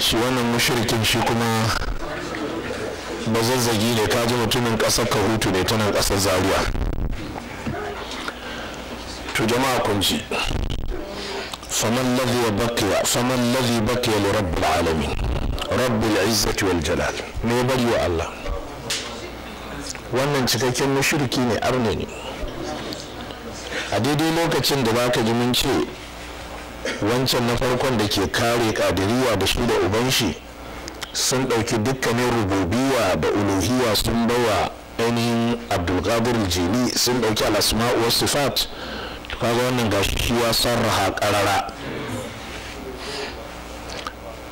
shi wannan mushirikin shi kuma bazazzagi ne ji mutumin ƙasar kahutu ne tana ƙasar zaria to jama'a kunci. فما الذي بقي فما الذي بقي لرب العالمين izzati wal jalal me bari wa Allah wannan cikakken mushriki ne arne ne a daidai lokacin da baka ji mun ce wancan na farkon da ke kare kadiriya da shi da uban shi sun ɗauki dukkanin rububiya da uluhiya sun bawa ainihin abdulkadir jini sun ɗauki alasma wasu sifat kaga wannan gashi shi ya sarraha ƙarara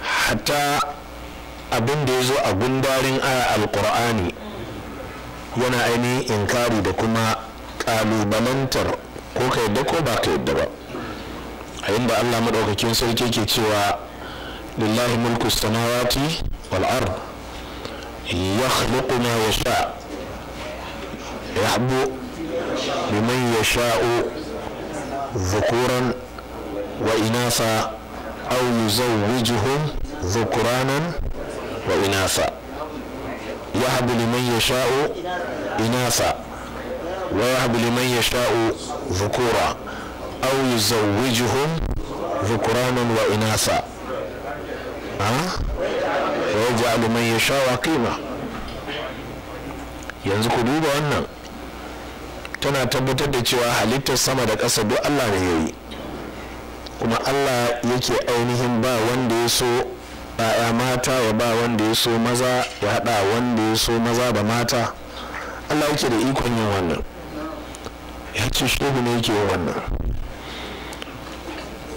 hatta abin da ya zo a gundarin aya alƙur'ani yana ainihin inkari da kuma ƙalubalantar ko ka yadda ko ba ka yadda ba a inda allah maɗaukakin sarki ke cewa lillahi mulku samawati wal ard yakhluqu ma yasha yahbu biman yasha'u dhukuran wa inasa aw yuzawwijuhum dhukuranan wa inasa yahbu liman yasha'u inasa ويهب لمن يشاء ذكورا أو يزوجهم ذكرانا وإناثا ويجعل من يشاء قيمة yanzu ku duba wannan tana tabbatar da cewa halittar sama da ƙasa duk Allah ne yi kuma Allah yake ainihin ba wanda ya so ɗaya mata ya ba wanda ya so maza ya haɗa wanda ya so maza da mata Allah yake da ikon yin wannan ya ce ne yake wannan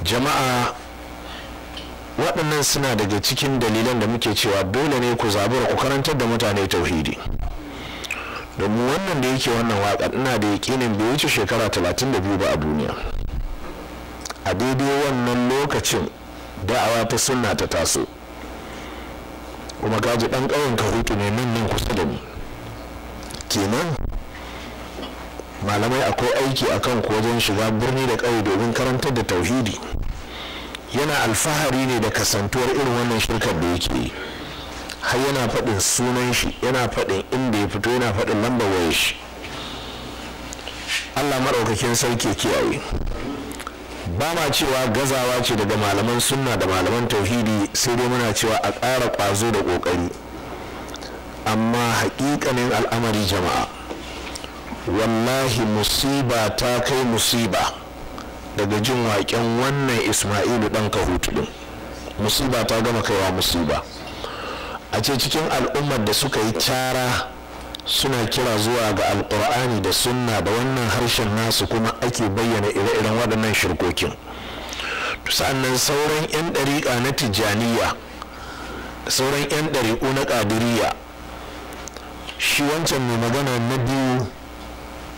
jama'a waɗannan suna daga cikin dalilan da muke cewa dole ne ku zabura ku karantar da mutane tauhidi domin wannan da yake wannan waƙar ina da yaƙinin bai wuce shekara 32 ba a duniya a daidai wannan lokacin da'awa ta sunna ta taso kuma kaji ɗan ƙawon hutu ne nan nan kusa da ni kenan malamai akwai aiki a akan wajen shiga birni da ƙauye domin karantar da tauhidi yana alfahari ne da kasantuwar irin wannan shirkar da yake yi har yana faɗin sunan shi yana faɗin inda ya fito yana faɗin lambar wayar shi allah maɗaukakin sarki kiyaye ba ma cewa gazawa ce daga malaman sunna da malaman tauhidi sai dai muna cewa a ƙara ƙwazo da ƙoƙari amma haƙiƙanin al'amari jama'a wallahi musiba ta kai musiba daga jin waƙen wannan ismailu ɗan kahutu ɗin musiba ta gama kaiwa musiba a ce cikin al'ummar da suka yi cara suna kira zuwa ga alkur'ani da sunna da wannan harshen nasu kuma ake bayyana ire-iren waɗannan shirkokin sa'annan sauran 'yan ɗariƙa na tijjaniya sauran 'yan ɗariƙu na ƙadiriya shi wancan mai magana na biyu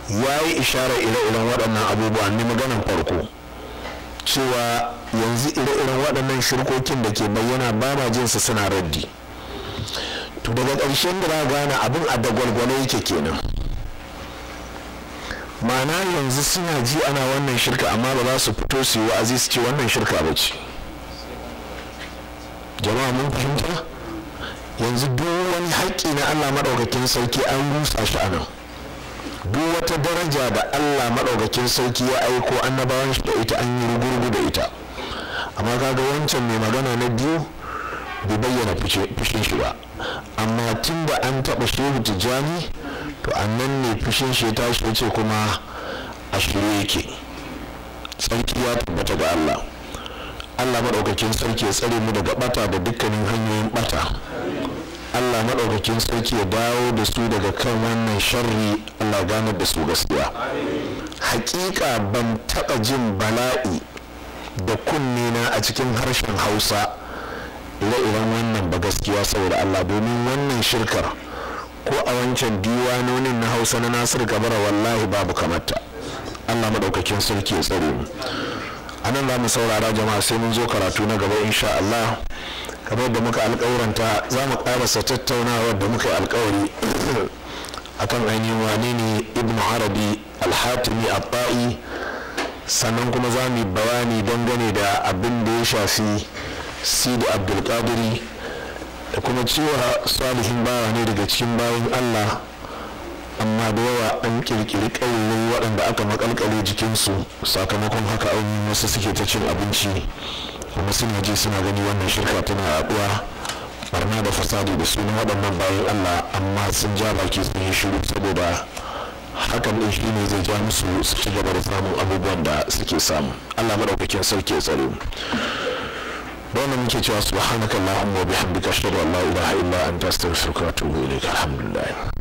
ya yi isharar ire-iren waɗannan abubuwa ne maganan farko cewa yanzu ire-iren waɗannan shirkokin da ke bayyana ba ma jinsu suna raddi to daga ƙarshen da gane abin a da dagwalgwale yake kenan ma'ana yanzu suna ji ana wannan shirka amma ba za su fito su yi wa'azi su ce wannan shirka ba ce jama'a mun fahimta yanzu duk wani haƙƙi na allah maɗaukakin sarki an rusa shi a nan duk wata daraja da Allah maɗaukakin sarki ya aiko annabawan shi da ita an yi rugurgu da ita amma kaga wancan mai magana na biyu bai bayyana fushin shi ba amma tun da an taɓa shehu tijjani to annan ne fushin shi ta shi ce kuma a shirye yake sarki ya tabbata ga Allah Allah maɗaukakin sarki ya tsare mu daga ɓata da dukkanin hanyoyin ɓata Allah maɗaukakin sarki ya dawo da su daga kan wannan sharri Allah ganar da su gaskiya hakika ban taɓa jin bala'i da kunne na a cikin harshen hausa ire-iren wannan ba gaskiya saboda Allah domin wannan shirkar ko a wancan diwanonin na hausa na nasir gabara wallahi babu kamata Allah maɗaukakin sarki ya tsare mu a nan za mu saurara jama'a sai mun zo karatu na gaba insha Allah kamar da muka alkawuranta za mu karasa tattaunawar da muka alkawari a kan ainihin wane ne ibn arabi alhatimi abba'i sannan kuma za mu yi bayani dangane da abin da ya shafi sidi abdulkadiri da kuma cewa salihin bawa ne daga cikin bayan allah amma da yawa an kirkiri kawai waɗanda aka makalkale jikinsu sakamakon haka an wasu suke ta cin abinci kuma suna ji suna gani wannan shirka tana raɗuwa barna da fasadi da suna waɗannan bayan allah amma sun ja baki sun yi shiru saboda hakan ɗin shi ne zai ja musu su ci gaba da samun abubuwan da suke samu allah maɗaukakin sarki tsaro tsare mu muke cewa subhanakallahumma wa bihamdika ashhadu an la ilaha illa anta astaghfiruka wa atubu ilayk alhamdulillah